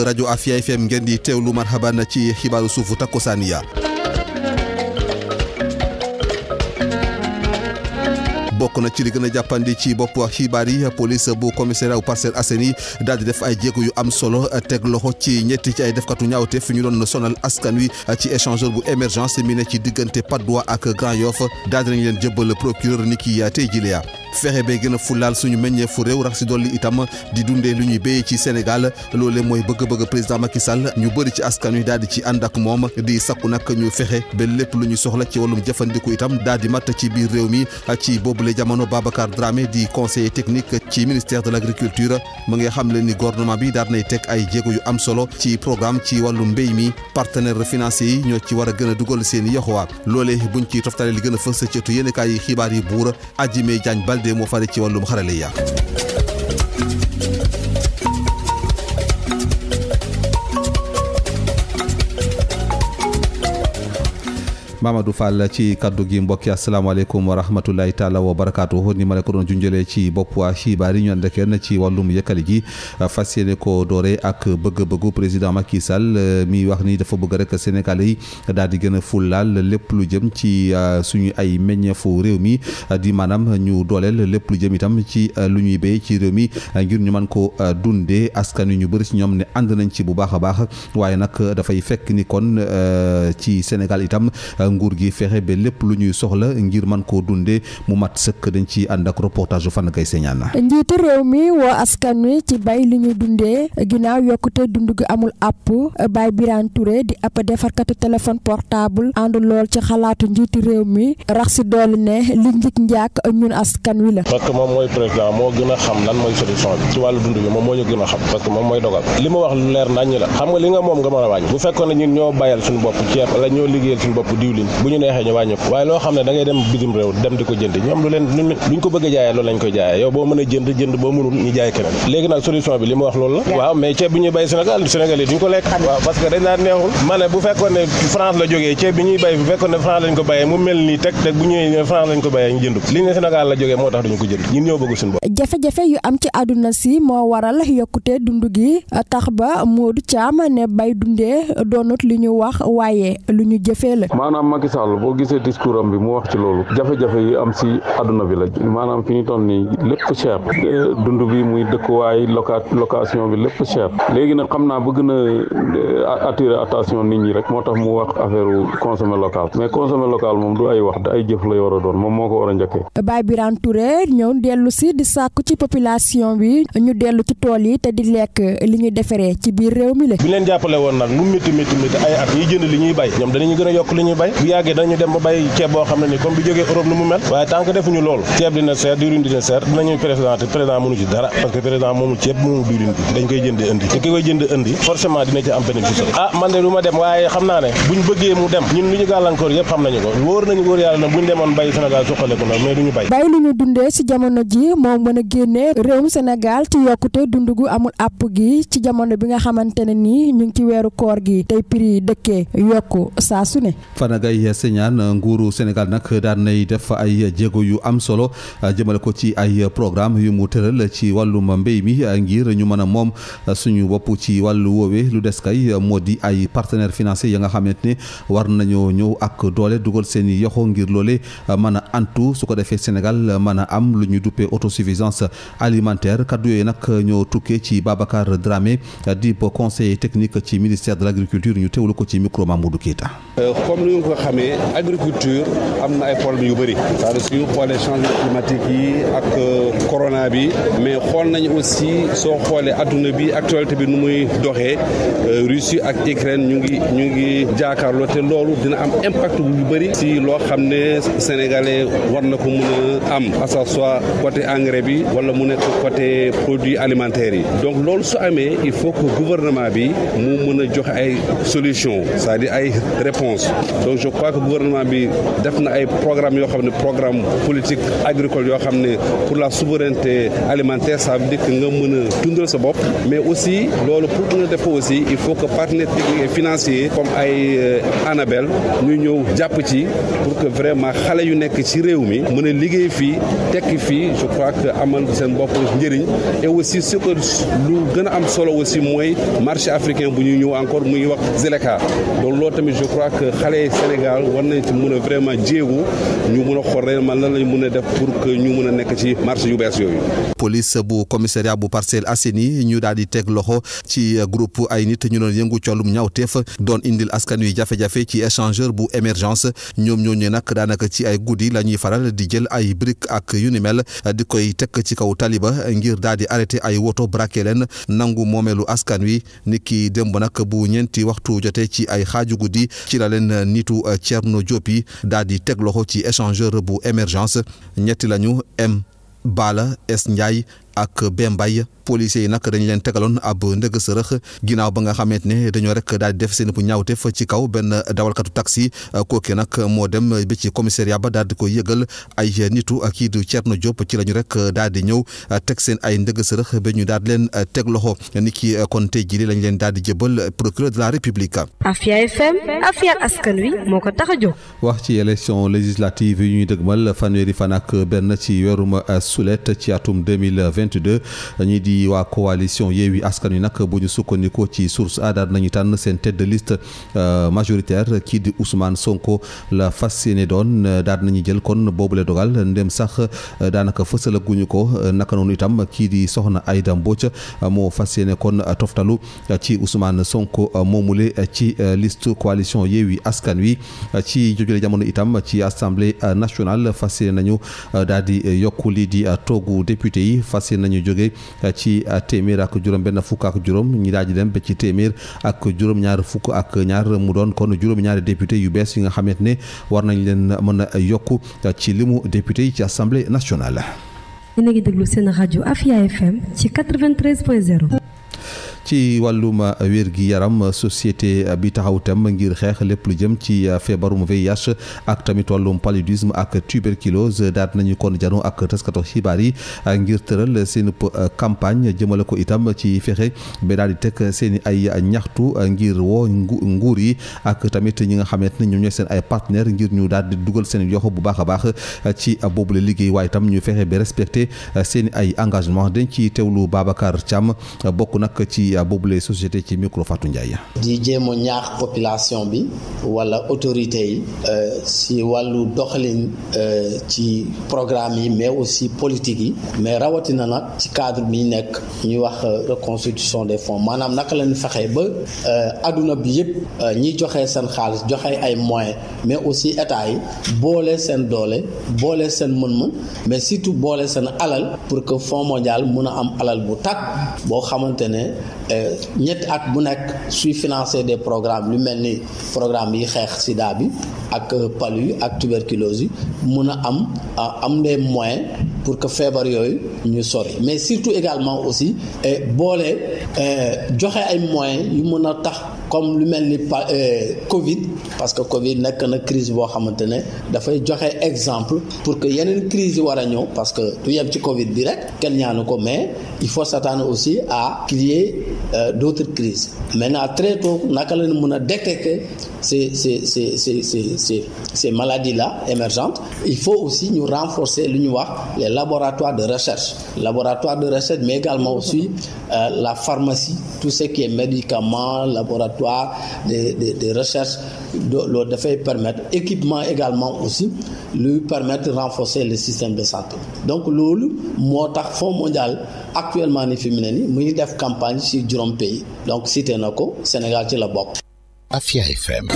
rajo Afia FM ngeen di teewlu na ci xibaaru suufu takkusaan ya bokk na ci li gën a jàppandi ci bopp xibaar yi police bu commissariat bu Parcelles Assainies daal di def ay jéego yu am solo teg loxo ci ñetti ci ay defkatu ñaawteef ñu doon sonal askan wi ci échangeur bu émergence mi ne ci diggante Patte ak Grand Yoff daal dinañ leen jëbbal procureur ni ki tey jilea fexe bee gën a fulaal suñu meññeefu réew rax si dolli itam di dundee lu ñuy béy ci Sénégal loolee mooy bëgg-bëgg président Macky ñu bëri ci askan wi boobule jamono Babacar Dramé di conseiller technique ci ministère de l' agriculture mu ngi xam leen ni gouvernement bi daal nay teg ay jéego yu am solo ci programme ci wàllu mbéy mi partenaire financier yi ñoo ci war a gën a dugal seen i yoxuwaat loolee buñ ci toftale li gën a fës ci ëttu yéenekaay yi xibaar yi buur Adjimé Diagne Baldé moo fare ci wàllum xarale ya Mamadou Fall ci kaddu gi mbokki asalaamaaleykum wa rahmatulahi taala wa barakaatu ni ma la ko doon junjëlee ci bopp waa xibaar yi ñu ànd ak yéen ci wàllum yëkkali ji fas yéene ko doore ak bëgg-bëggu président Macky Sall mi wax ni dafa bëgg rek Sénégal yi daal di gën a fulaal lépp lu jëm ci euh, suñu ay meññeefu réew mi di maanaam ñu dooleel lépp lu jëm itam ci euh, lu ñuy béy ci réew mi ngir ñu man ko euh, dundee askan wi ñu bëri si ñoom ne ànd nañ ci bu baax a baax waaye nag dafay fekk ni kon ci Sénégal itam nguur gi fexe ba lépp lu ñuy soxla ngir man koo dundee mu mat sëkk dañ ci ànd ak reportage Fane Gaye Segnane. njiitu réew mi woo askan wi ci bay li ñuy dundee ginnaaw yokkute dund gi amul app Baye Birane Touré di ab defarkatu téléphone portable ànd lool ci xalaatu njiitu réew mi rax si doole ne li njëkk njaak ñun askan wi la. parce moom mooy président moo gën a xam lan mooy solution bi ci wàllu dund bi moom moo ñu gën a xam parce moom mooy dogal li ma bu ñu neexee ñu wàññi ko waaye loo xam ne da ngay dem bitim réew dem di ko jënd ñoom lu leen luñ ko bëgg a jaayee loolu lañ koy yow boo mën a jënd jënd boo mënul ñu jaay keneen léegi nag solution bi li ma wax loolu la waaw mais ceeb bi ñuy bay Sénégal Sénégal yi duñ ko lekk waaw parce que dañ daan neexul ma bu fekkoon France la jógee ceeb bi ñuy bay bu fekkoon France lañ ko bayee mu mel nii teg teg bu ñëwee France lañ ko bayee ñu jënd li ñu Macky Sall boo gisee discours am bi mu wax ci loolu jafe-jafe yi am si adduna bi la maanaam fi ñu toll nii lépp cher dund bi muy dëkkuwaay loca location bi lépp cher léegi nag xam naa bëgg na euh, attirer attention nit ñi rek moo tax mu wax affaire consommer local mais consommer local moom du ay wax da ay jëf la war a doon moom moo ko war a njëkkee. Baye Birane ñëw dellu di sàkku ci population bi ñu dellu ci tool yi te di lekk li ñuy defaree ci biir réew bi leen jàppale woon nag a bu yàggee dañu dem ba bay ceeb boo xam ne ni comme bi jógee Europe nu mu mel waaye tant que defuñu loolu ceeb dina seer diwlin dina seer dinañuy présenté président mënu ci dara parce que président moomu te dina ci am bénéfice ah man de du dem waaye xam naa ne buñ bëggee mu dem ñun lu gàllankoor yëpp xam nañu ko wóor nañu wóor yàlla na buñ demoon bay Sénégal suqaleku na mais du ñu bay bay lu ñu dundee si jamono ji moo mën a génnee réewum Sénégal nii ñu ngi ci weeru koor gi tey prix Abdoulaye Segnane nguuru Sénégal nag daan nay def ay jéego yu am solo jëmale ko ci ay programme yu mu tëral ci wàllum mbéy mi ngir ñu mën a moom suñu bopp ci wàllu woowee lu des kay moo di ay partenaires financiers ya nga xamante ne war nañoo ñëw ak doole dugal seen i yoxo ngir loole mën a antu su ko defee Sénégal mën a am lu ñu duppee autosuffisance alimentaire kaddu yooyu nag ñoo tukkee ci Babacar Dramé di conseiller technique ci ministère de l'agriculture ñu teewlu ko ci micro Mamadou Keita. Euh, xamee agriculture am na ay problème yu bëri c'est-à-dire suñu xoolee changement climatique yi ak euh, corona bi mais xool nañu aussi soo xoolee adduna bi actualité bi nu muy doxee euh, Russie ak Ukraine ñu ngi ñu ngi jaakaarloo te loolu dina am impact bu bëri si loo xam ne sénégalais war na ko mun a am que ça soit côté engrais bi wala mu nekk côté produit alimentaires yi donc loolu su amee il faut que gouvernement bi mu mën a joxe ay solution cest à ay réponses crois que gouvernement bi def na ay programme yoo xam ne programme politique agricole yoo xam ne pour la souveraineté alimentaire ça veut dire nga mën a dundal sa bopp mais aussi loolu pour nga def ko aussi il faut que partenaires financiers comme ay euh, Anabel ñu ñëw jàpp ci pour que vraiment xale yu nekk ci réew mi mën a liggéey fii tekki fii je crois que amal seen bopp njëriñ et aussi ce que lu gën am solo aussi mooy marché africain bu ñuy ñëw encore muy wax Zeleka Sénégal war nañ ci mën a vraiment jéego ñu mën a xool réellement lan lañ mën a def pour que ñu mun a nekk ci marché yu bees yooyu. police bu commissariat bu Parcelles Assainies ñu daal di teg loxo ci euh, groupe ay nit ñu doon yëngu colum ñawteef doon indil askan wi jafe-jafe ci échangeur bu émergence ñoom ñooñu nag daanaka ci ay guddi la ñuy faral di jël ay briques ak yu ni mel di koy tekk ci kaw taliba ngir daal di arrêté ay woto braqué leen nangu moomeelu askan wi niki démb nag bu ay bu euh, Thierno Diop daal di teg loxo ci échangeur bu émergence ñetti lañu M Bala S Ndiaye ak Bembaye policiers yi nag dañu leen loon ab ndëgg sërëx ginnaaw ba nga xamante ne dañoo rek daal di def seen bu ñaawteef ci kaw benn dawalkatu ko kooke nag moo dem ba ci commissariat ba daal di ko yëgal ay nitu kii du Thierno Diop ci la ñu rek daal di ñëw teg seen ay ndëgg sërëx ba ñu di leen teg loxo ni ki kon tey jii lañ leen daal di jëbal procureur de la République. Afia FM Afia askan wi moo ko tax a jóg. wax ci élection législative yi ñuy dëgmal fanweeri 2022 ñii di waa coalition Yewwi Askan Wi nag bu ñu sukkandikoo ci source a daal nañu tànn seen tête de euh, majoritaire kii di Ousmane Sonko la fas yéene doon daal nañu jël kon boobule dogal ndem sax euh, daanaka fësalaguñu ko euh, naka noonu itam kii di soxna Aïda Mbodj moo fas yéene kon toftalu ci Ousmane Sonko moomule ci liste coalition Yewwi Askan Wi ci jojule jamono itam ci assemblée nationale fas yéene nañu daal di yokku lii di toogu député yi commencé nañu jóge euh, ci euh, téeméer ak juróom benn fukk ak juróom ñi daal di dem ba ci téeméer ak juróom ñaar fukk ak ñaar mu doon kon juróom ñaari député yu bees yi nga xamante ne war nañ leen mën a yokk euh, ci limu député yi ci assemblée nationale. yéen a ngi déglu seen rajo Afia FM ci ci wàllum euh, wér-gi-yaram euh, société euh, bi taxaw tam ngir xeex lépp lu jëm ci feebarum VIH ak tamit wàllum paludisme ak tuberculose daat nañu kon jano ak taskatu xibaar yi ngir tëral seen campagne jëmale ko itam ci fexe ba di teg seen i ay ñaxtu ngir woo nguur yi ak tamit ñi nga xamante ne ñoom ñooy seen ay partenaire ngir ñu daal di dugal seen yoxo bu baax a baax ci boobule liggéey waaye tam ñu fexe bi respecté seen ay engagement dañ ci teewlu Babacar Thiam bokk nag ci ci boobule société ci micro Fatou Ndiaye. di jéem a ñaax population bi wala autorité yi euh, si wàllu doxalin euh, ci programme yi mais aussi politique yi mais rawatina nag ci cadre bi nekk ñuy wax euh, reconstitution des fonds maanaam naka leen ñu fexee ba adduna bi yëpp ñiy joxe seen xaalis joxe ay moyens mais aussi état yi boole seen doole boole seen mën-mën mais surtout boole seen alal pour que fonds mondial mun a am alal bu tàkk boo xamante ne Euh, ñetti ak bu nekk suy financer des programme lu mel ni programme yi xeex sida bi ak euh, palu yi ak tuberculose yi mun a am am les moyens pour que feebar yooyu ñu sori mais surtout également aussi euh, boole joxe ay moyens yu mun a tax comme lu mel ni pa Covid parce que Covid nekk na crise boo xamante ne dafay joxe exemple pour que yeneen crise yi war a ñëw parce que du yem ci Covid bi rek kenn ñaanu ko mais il faut s'attendre aussi à qu'il Euh, d'autres crises maintenant très tôt naka la ñu mën a détecter ces ces ces ces ces ces ces maladies là émergentes il faut aussi ñu renforcer lu ñu wax les laboratoires de recherche laboratoire de recherche mais également aussi euh, la pharmacie tout ce qui est médicaments laboratoire de de de recherche loolu dafay permettre équipement également aussi luy permettre renforcer le système de santé donc loolu moo tax Fonds mondial actuellement ni fi mu ne ni mu ngi def campagne ci juróom pays donc cité na ko Sénégal ci la bokk. Afia feem